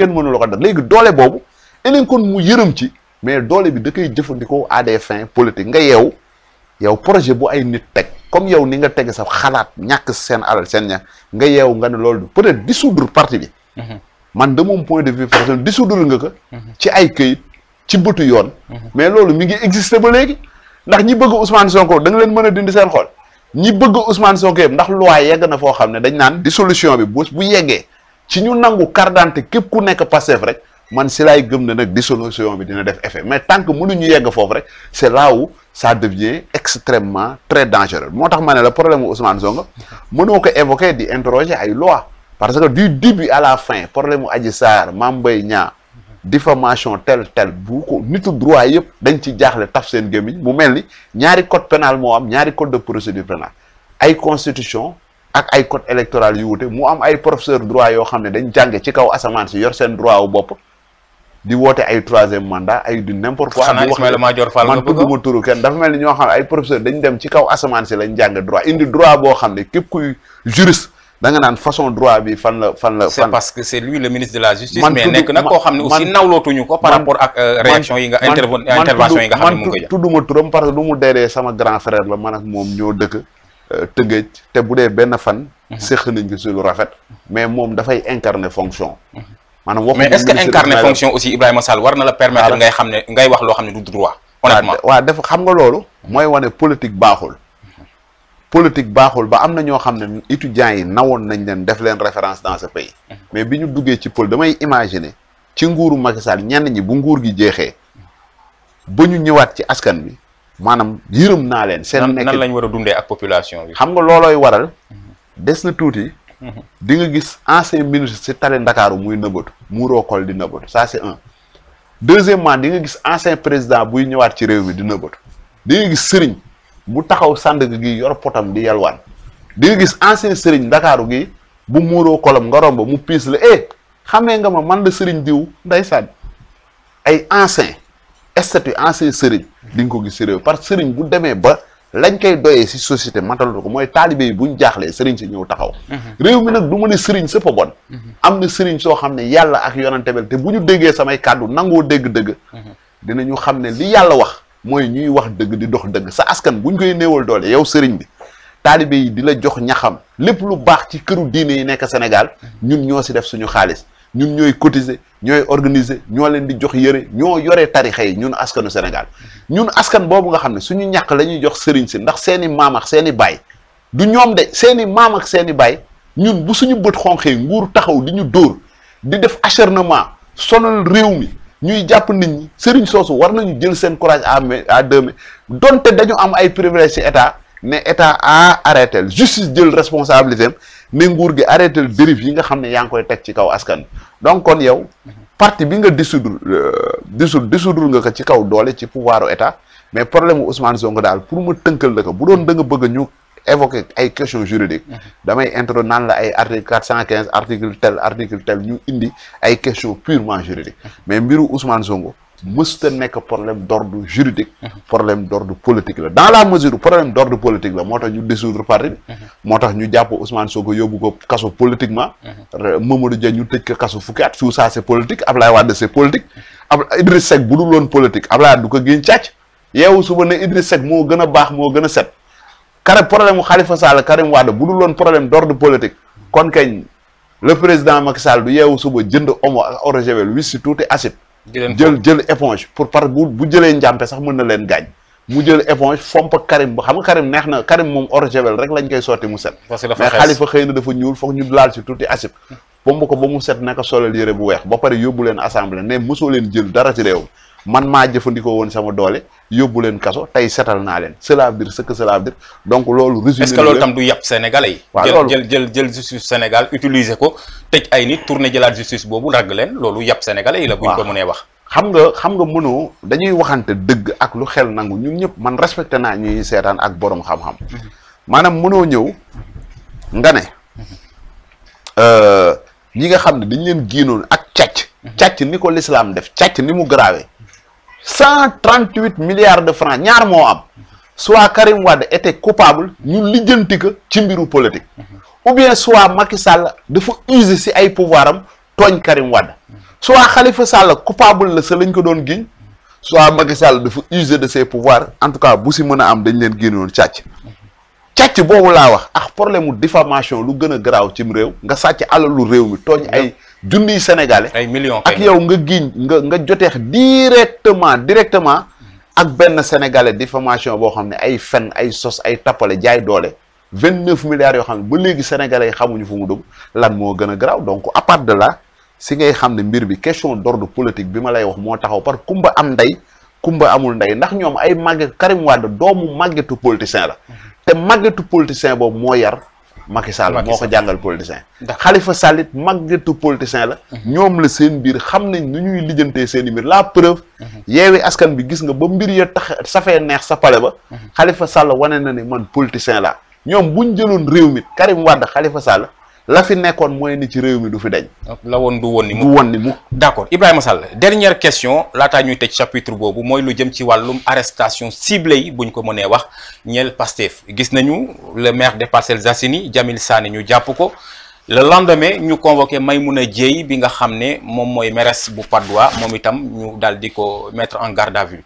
kenn mënula ko def léegi doole boobu eneen kon mu yërëm ci mais doole bi da koy jëfandikoo à fin fins politiques nga yeew yow projet bu ay nit teg comme yow ni nga teg sa xalaat ñàkk seen alal seen ñàkk nga yeew nga ne loolu peut-être dissoudre parti bi mhm. man de mon point de vue personnel dissoudre nga ko mhm. ci ay këyit ci bëtu yoon mhm. mais loolu mi ngi exister ba léegi ndax ñi bëgg Ousmane Sonko da nga leen mën a dindi seen xol ñi bëgg Ousmane Sonko yëpp ndax loi yegg na foo xam ne dañ naan dissolution bi bu bu yeggee ci ñu nangu carte d'identité képp ku nekk Pastef rek man si laay gëm na nag dissolution bi dina def effet mais tant que mënuñu yegg foofu rek c'est là où ça devient extrêmement très dangereux moo tax ma ne la problème mu Ousmane Sonko mënoo ko évoquer di interroger ay loi parce que du début à la fin problème mu Adji Sarr Mame Mbaye Niang diffamation tel tel bu ko nitu yëpp dañ ci jaaxle taf seen gémmiñ mu mel ni ñaari code pénal moo am ñaari code de procédure pénale ay constitution ak ay code électoral yu wute mu am ay professeur droit yoo xam ne dañ jànge ci kaw asamaan si yor seen droit wu bopp di woote ay troisième man tudduma turu kenn dafa mel ni ñoo xam ne ay kuy juriste da naan façon droit bi fan la fan la. c'est parce que c'est lui le ministre la justice. man mais nekk nag koo xam par rapport ak euh, réaction yi nga. intervention yi nga xam ne moom ñoo dëkk. Euh, tëggeej te bu dee benn fan. Mhm. séq nañ ko si lu rafet. mais moom dafay incarner fonction. Mhm. maanaam waxu mais est-ce que incarner fonction aussi Ibrahima Sall war na la permettre xam ne wax loo xam ne du droit. honnêtement waaw def xam nga loolu. mooy wane politique baaxul. Mhm. politique baaxul ba am na ñoo xam ne étudiants yi nawoon nañ leen def leen référence dans a pays. mais bi ñu duggee ci pol damay imaginer ci nguuru Macky Sall ñi bu nguur gi jeexee ba ñu ñëwaat ci askan bi. maanaam yërëm naa leen. seen nekk nan lañ war a dundee ak population bi. xam nga loolooy waral mhm. des na tuuti. Mhm. di nga gis ancien ministre si tali Ndakaaru muy nëbbatu muuroo kol di nëbbatu ça c'est un deuxièmement di nga gis ancien président buy ñëwaat ci réew mi di nëbbatu di gis sëriñ bu taxaw Sandaga gi yor potam di yalwaan di gis ancien sëriñ Ndakaaru gi bu muuroo kolam nga romb mu piis la xam eh, xamee nga ma man la sëriñ diw ndeysaan ay ancien statut ancien sëriñ di nga ko gis si réew parce que sëriñ bu demee ba lañ koy doyee si société matalatu ko mooy taalibe yi buñ jaaxlee sëriñ si ñëw taxaw mhm. réew mi nag du ma ne sëriñ sëpp a bon mhm. am na sëriñ soo xam ne yàlla ak yonante bel te bu ñu déggee samay kàddu nangoo dégg-dëgg mhm. ñu xam ne li yàlla wax mooy ñuy wax dëgg di dox dëgg sa askan bu buñ koy néewal doole yow sëriñ bi taalibe yi di la jox ñaxam lépp lu baax ci këru diine yi nekk Sénégal ñun ñoo si def suñu xaalis ñun ñooy cotiser ñooy organiser ñoo leen di jox yëre ñoo yore tarixa yi ñun askanu Sénégal ñun askan boobu nga xam ne suñu ñàkk la ñuy jox sëriñ si ndax seeni maam seeni baay du ñoom de seeni maam ak seeni baay ñun bu suñu bët xonqee nguur taxaw di ñu dóor di def acharnement sonal réew mi ñuy jàpp nit ñi sëriñ soosu war nañu jël seen courage à à deux mains donte dañu am ay privilèges ci état ne état a arrêté justice jël responsabilité ne gi arrêté dérive yi nga xam ne yaa ngi koy teg ci kaw askan donc kon yow parti bi nga dissoudre euh, dissoudre dissoudre nga ko ci kaw doole ci pouvoiru état mais problème mu Ousmane Sonko daal pour ma tënkal la ko bu doon da nga bëgg ñu évoquer ay questions juridiques damay intro naan la ay article quatre cent quinze article tel article tel ñu indi ay questions purement juridiques mais mbiru Ousmane Sonko mësta nekk problème d'ordre juridique problème d'ordre politique la dans la mesure où problème d'ordre politique la moo tax ñu dissoudre parti moo tax ñu jàpp Ousmane Sonko yóbbu ko kaso politiquement Mamadou Dia ñu tëj ko kaso fukki at su ça c'est politique Ablaye Wade c'est politique ab Idriss Seck bu dul woon politique Ablaye du ko génn càcc yeewu suba ne Idriss Seck moo gën a baax moo gën a set kare problème mu Khalifa Sall Karim Wade bu dul woon problème d'ordre politique kon kañ le président Macky Sall du yeewu suba jënd omo ak orogewel wis jël jël éponge pour par bu bu jëlee njàmpe sax mën na leen gaañ. mu jël éponge fomp Karim ba xam nga Karim neex na Karim moom orgevel rek lañ koy soti mu set. mais Khalifa xëy na dafa ñuul foog ñu laal ci tuuti asib bomb ko ba mu set a solal yére bu weex ba pare yóbbu leen assemblée ne mosoo leen jël dara ci réew man maa jëfandikoo woon sama doole yóbbu leen kaso tey setal naa leen cela veut dire ce que cela dire donc loolu. résumé est-ce loolu tam du yàpp sénégalais yi. waaw jël jël jël justice Sénégal utiliser ko tëj ay nit tourner jëlaat justice boobu ragg leen loolu yàpp sénégalais yi la. buñ ko mënee wax. xam nga xam nga mënoo dañuy waxante dëgg ak lu xel nangu ñun ñëpp man respecté naa ñuy seetaan ak borom xam mhm. maanaam mënoo ñëw ne. Euh, ñi nga xam ne dañ leen génnoon ak càcc càcc ni ko l'islam def càcc ni mu grave cent trente huit milliards de francs ñaar moo am soit Karim Wade était coupable ñu lijjanti ci mbiru politique ou bien soit Macky Sall dafa user si ay pouvoir am tooñ Karim Wade soit Khalifa Sall coupable la sa lañ ko doon giñ soit Macky Sall dafa user de ses pouvoirs en tout cas bu si mën a am dañ leen génnoon càcc càcc boobu laa wax ak ah problème mu diffamation lu gën a garaaw cim réew nga sàcc alalu réew mi tooñ mm-hmm. ay junniy sénégalais ay millions ak yow nga giiñ nga nga joteex directement directement mm-hmm. ak benn sénégalais diffamation boo xam ne ay fen ay sos ay tappale jaay doole vingt neuf milliards yoo xam ne ba léegi sénégalais yi xamuñu fu mu dugg lan moo gën a garaaw donc à part de là si ngay xam ne mbir bi question d'ordre politique bi ma lay wax moo taxaw par kumba am ndey kumba amul ndey ndax ñoom ay màgget Karim Wade doomu màggetu politicien la mm-hmm. te màggetu politicien boobu moo yar Macky Sall moo ko jàngal politicien xalifa Sall it màggetu politicien la mhm. ñoom la seen biir xam nañ ñu ñuy lijjantee seen i mbir la preuve mhm. yeewi askan bi gis nga ba mbir ya tax safee neex sa pale ba mhm. Khalifa Sall wane na ne man politicien la ñoom buñ jëloon réew mi Karim Wade xalifa Sall la fi nekkoon mooy ni ci réew mi du fi deñ la woon du woon ni mu du woon ni mu dernière question laataa ñuy tëj chapitre boobu mooy lu jëm ci wàllum arrestation ciblée yi bu buñ ko mënee wax ñeel Pastef gis nañu le maire des Parcelles Assainies Jamil Sané ñu jàpp ko le lendemain ñu may convoqué a Dieye bi nga xam ne moom mooy mairesse bu Patte d'Oie moom itam ñu daal di ko mettre en garde à vue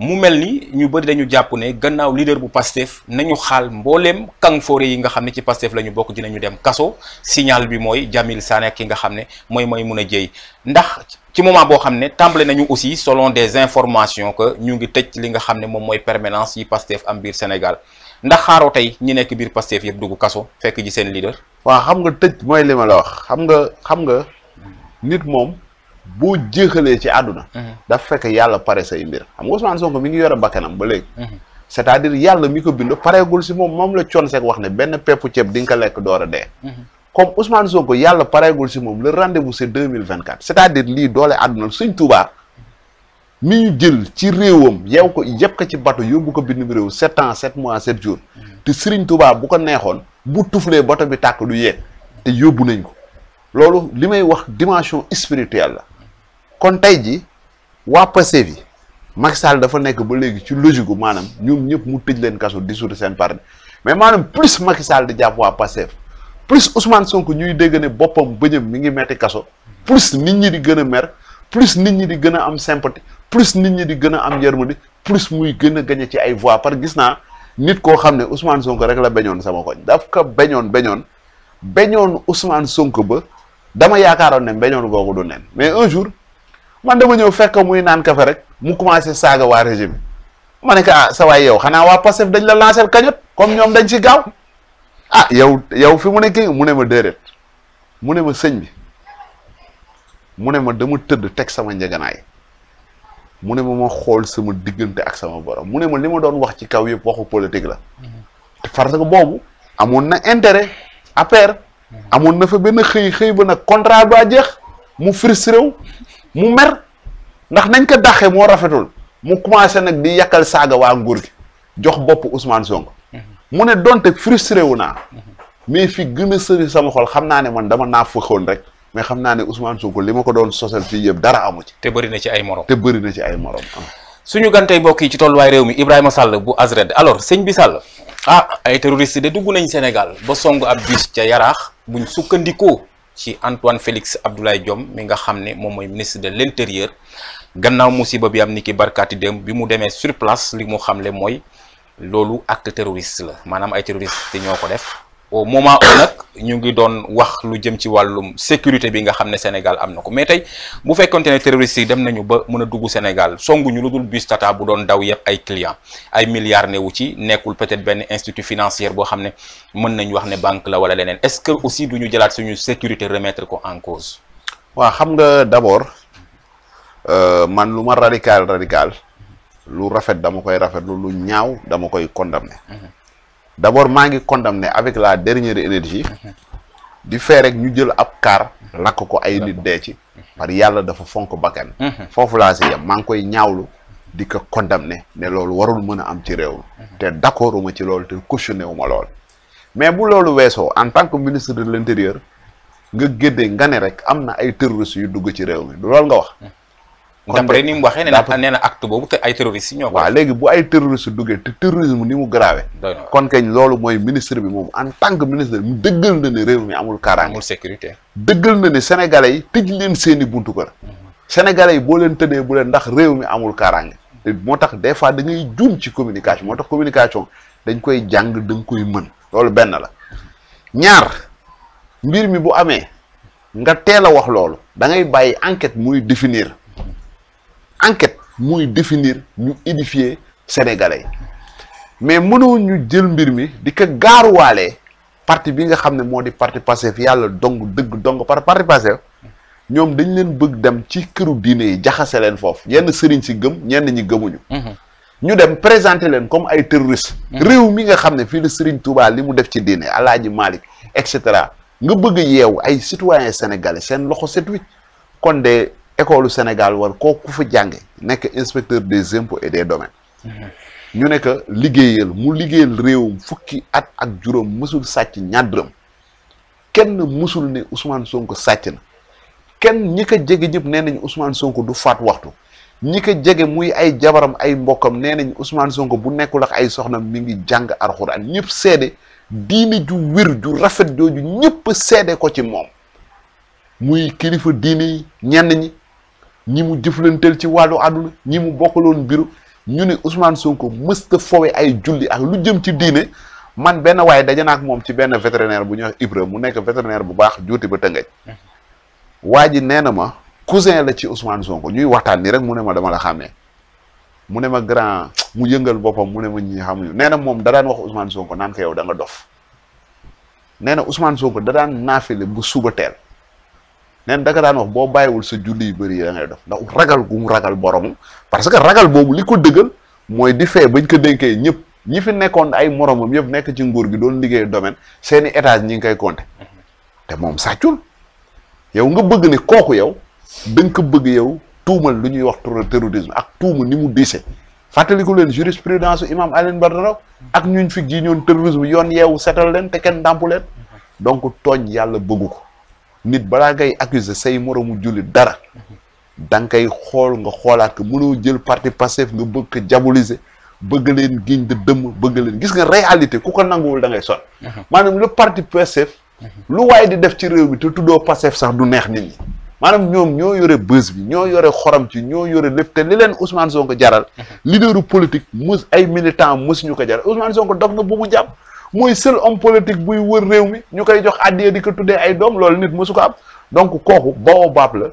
mu mel ni ñu bëri dañu jàpp ne gannaaw leader bu Pastef nañu xaal mbooleem kanfoore yi nga xam ne ci Pastef la ñu bokk dinañu dem kaso signal bi mooy Jamil Sané ak ki nga xam ne mooy mun a Dieye ndax ci moment boo xam ne tàmbale nañu aussi selon des informations que ñu ngi tëj li nga xam ne moom mooy permanence yi Pastef am biir Sénégal ndax xaaroo tey ñi nekk biir Pastef yëpp dugg kaso fekk ji seen leader. waa xam nga tëj mooy li ma la wax xam nga xam nga nit moom boo jéexalee ci àdduna. Mhm. dafa fekk yàlla pare say mbir xam nga Ousmane Sonko mi ngi yore bakkanam ba léegi. Mhm. cest à yàlla mi ko bind pareegul si moom moom la Thione Seck wax ne benn peppu ceeb di nga ko lekk door a dee. Mhm. comme Ousmane Sonko yàlla pareegul si moom le rendez-vous c'est deux mille vingt quatre cest à lii doole mi ñu jël ci réewam yeew ko yëpp ko ci bato yóbbu ko bind réew sept ans sept mois sept jours mm. te Serigne Touba bu ko neexoon bu tuflee bato bi tàkk du yéeg te yóbbu nañ ko loolu li may wax dimension spirituelle la kon tey ji waa Pastef yi Macky Sall dafa nekk ba léegi ci logique gu maanaam ñoom ñëpp mu tëj leen kaso dissoudre seen parti mais maanaam plus Macky Sall di jàpp waa Pastef plus Ousmane Sonko ñuy dégg ne boppam bëñam mi ngi metti kaso plus nit ñi di gën a mer plus nit ñi di gën a am sympathie plus nit ñi di gën a am yërmande plus muy gën a gañe ci ay voix par gis naa nit koo xam ne Ousmane Sonko rek la beñoon sama koñ daf ko beñoon beñoon beñoon Ousmane Sonko ba dama yaakaaroon ne beñoon googu du nen mais un jour man dama ñëw fekk muy naan kafe rek mu commencé saaga waa régime ma ne ko ah sa waay yow xanaa waa Pastef dañ la lancer cagnotte comme ñoom dañ ci gaaw ah, yow yow fi mu nekkee mu ne ma déedéet mu ne ma sëñ bi mu ne ma dama tëdd teg sama njëganaay mu ne ma ma xool sama diggante ak sama borom mu ne ma li ma doon wax ci kaw yëpp waxu politique la parce que boobu amoon na intérêt appaire amoon na fa benn xëy xëy ba nag contrat ba jeex mu frustré wu mu mer ndax nañ ko daxee moo rafetul mu commencé nag di yàkkal saaga waa nguur gi jox bopp Ousmane Sonko mu ne donte frustré wu naa mhm. mais fi gën a sëri sama xol xam naa ne man dama naa fëxoon rek mais xam naa ne Ousmane Sonko li ma ko doon sosal fii yëpp dara amu ci. te bëri na ci ay morom. te bëri na ci ay morom. Ah. suñu gantey mbokk yi ci tolluwaay réew mi Ibrahima Sall bu Azred alors sëñ bi Sall ah ay terroriste de dugg nañ Sénégal ba song ab bus ca yaraax buñ sukkandikoo ci Antoine Félix Abdoulaye Diome mi nga xam ne moom mooy ministre de l' intérieur gannaaw musiba bi am ni ki barkaati démb bi mu demee sur place li mu xamle mooy loolu acte terroriste la maanaam ay terroriste ñoo ko def. au moment où nag ñu ngi doon wax lu jëm ci wàllum sécurité bi nga xam ne Sénégal am na ko mais tey bu fekkonte ne terroristes yi dem nañu ba mën a dugg Sénégal songuñu lu dul bus Tata bu doon daw yëpp ay client ay milliards newu ci nekkul peut-être benn institut financier boo xam ne mën nañu wax ne banque la wala leneen est-ce que aussi du ñu jëlaat suñu sécurité remettre ko en cause. waa xam nga d'abord euh, man lu ma radical radical lu rafet dama koy rafetlu lu ñaaw dama koy condamner. Mhm. d' abord maa ngi condamné avec la dernière énergie di fee rek ñu jël ab kaar lakk ko ay nit dee ci par yàlla dafa fonk bakkan mhm. foofu laa si yem maa ngi koy ñaawlu di ko condamné ne loolu warul mën a am ci réew mhm. te d' accord ci loolu te cautionné wu ma lool mais bu loolu weesoo en tant que ministre de l' intérieur nga gédde nga ne rek am na ay terroristes yu dugg ci réew mi loolu nga wax mhm. d'après ni mu waxee nee na nee na acte boobu ay terroristes yi ñoo léegi bu ay terroristes duggee te terrorisme ni mu grave kon kañ loolu mooy ministre bi moom en tant que mu dëggal na ne réew mi amul kaaraange. amul sécurité. dëggal na ne sénégalais yi tëj leen seeni buntu kër. Mhm. sénégalais yi boo leen tëddee bu leen ndax réew mi amul kaaraange. moo tax des fois da ngay juum ci communication moo tax communication dañ koy jàng da nga koy mën. loolu benn la ñaar mbir mi bu amee nga teel a wax loolu da ngay bàyyi enquête muy définir. enquête muy définir ñu édifier sénégalais mais mënoo ñu jël mbir mi di ko gaaruwaalee parti bi nga xam ne moo di parti Pastef yàlla dong dëgg dong par parti Pastef ñoom dañ leen bëgg dem ci këru diine yi jaxase leen foofu yenn sëriñ si gëm ñenn ñi gëmuñu. Mhm. ñu dem présente leen comme ay terroristes. Mhm. réew mi nga xam ne fii la sëriñ Touba li mu def ci diine Alaaji Malick et cetera nga bëgg yeew ay citoyens sénégalais seen loxo set wicc kon de école Sénégal war koo ku fa jànge nekk inspecteur des impôts et des domaines ñu ne que liggéeyal mu liggéeyal réewum fukki at ak juróom mësul sàcc ñàdduram kenn mësul ni Ousmane Sonko sàcc na kenn ñi ko jege ñëpp nee nañ Ousmane Sonko du faat waxtu ñi ko jege muy ay jabaram ay mbokkam nee nañ Ousmane Sonko bu nekkul ak ay soxnam mi ngi jàng alxuraan ñëpp seede diine ju wér ju rafet jooju ñëpp seede ko ci moom muy kilifa diine yi ñi ñi mu jëflanteel ci wàllu àdduna ñi mu bokk loon mbiru ñu ne Ousmane Sonko mësta fowe ay julli ak lu jëm ci diine man benn waaye daje naa moom ci benn vétérinaire bu ñu wax Ibra mu nekk vétérinaire bu baax juuti ba tëngaj waa ji nee na ma cousin la ci Ousmane Sonko ñuy waxtaan ni rek mu ne ma dama la xàmmee mu ne ma grand mu yëngal boppam mu ne ma ñi xamuñu nee na moom da daan wax Ousmane Sonko naan ko yow da dof nee na Ousmane Sonko da daan naafile bu suba teel neen da nga daan wax boo bàyyiwul sa julli yu bëri yi da ngay def ndax ragal gu mu ragal borom parce que ragal boobu li ko dëggal mooy di fee bañ ko dénkee ñëpp ñi fi nekkoon ay moromam yëpp nekk ci nguur gi doon liggéey domaine seeni étage ñi ngi koy compter te moom sàccul yow nga bëgg ni kooku yow da ko bëgg yow tuumal lu ñuy wax terrorisme ak tuuma ni mu diise fàttaliku leen jurisprudence imam Alioune Badara ak ñu fi ji ñoon terrorisme yoon yeewu setal leen te kenn ndàmpu leen donc tooñ yàlla bëggu ko nit balaa ngay accuser say moromu jullit dara dang kay koy xool nga xoolaat ko mënoo jël parti Pastef nga bëgg ko diaboliser bëgg leen giñ de dëmm bëgg leen gis nga réalité ku ko nanguwul da ngay son uh-huh. maanaam le parti Pastef uh-huh. lu waaye di def ci réew mi te tuddoo Pastef sax du neex nit ñi maanaam ñoom ñoo yore bës bi ñoo yore xorom ci ñoo yore lépp te li leen Ousmane Sonko jaral uh-huh. leaderu politique mos ay militant mosuñu ko jaral Ousmane Sonko dog na bu mu jàpp mooy seul homme politique buy wër réew mi ñu koy jox àddee di ko tuddee ay doom loolu nit mosu ko am donc kooku baobab la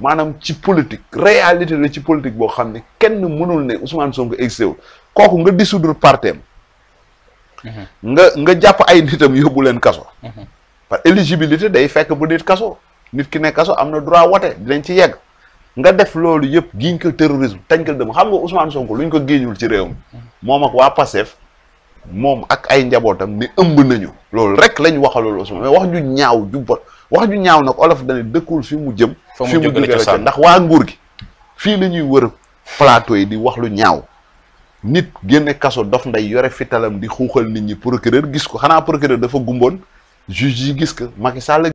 maanaam ci politique réalité la ci politique boo xam ni kenn mënul ne Ousmane Sonko existé wul kooku nga dissoudre parte mhm. nga nga jàpp ay nitam yóbbu leen kaso. Mhm. par éligibilité day fekk bu nit kaso nit ki ne kaso am na droit wote dinañ ci yegg. nga def loolu yëpp giñ ko terrorisme tañ ko dem xam nga Ousmane Sonko luñ ko géejul ci réew mhm. moom ak waa moom ak ay njabootam ni ëmb nañu loolu rek lañ waxaloolu Ousmane mais wax ju ñaaw ju bot wax ju ñaaw nag olof dane dëkkul fi mu jëm fi mu jóge la ndax waa nguur gi fii la ñuy wër plateau yi di wax lu ñaaw nit génne kaso dof nday yore fitalam di xuuxal nit ñi procureur gis ko xanaa procureur dafa gumboon juge yi gis ko Macky Sall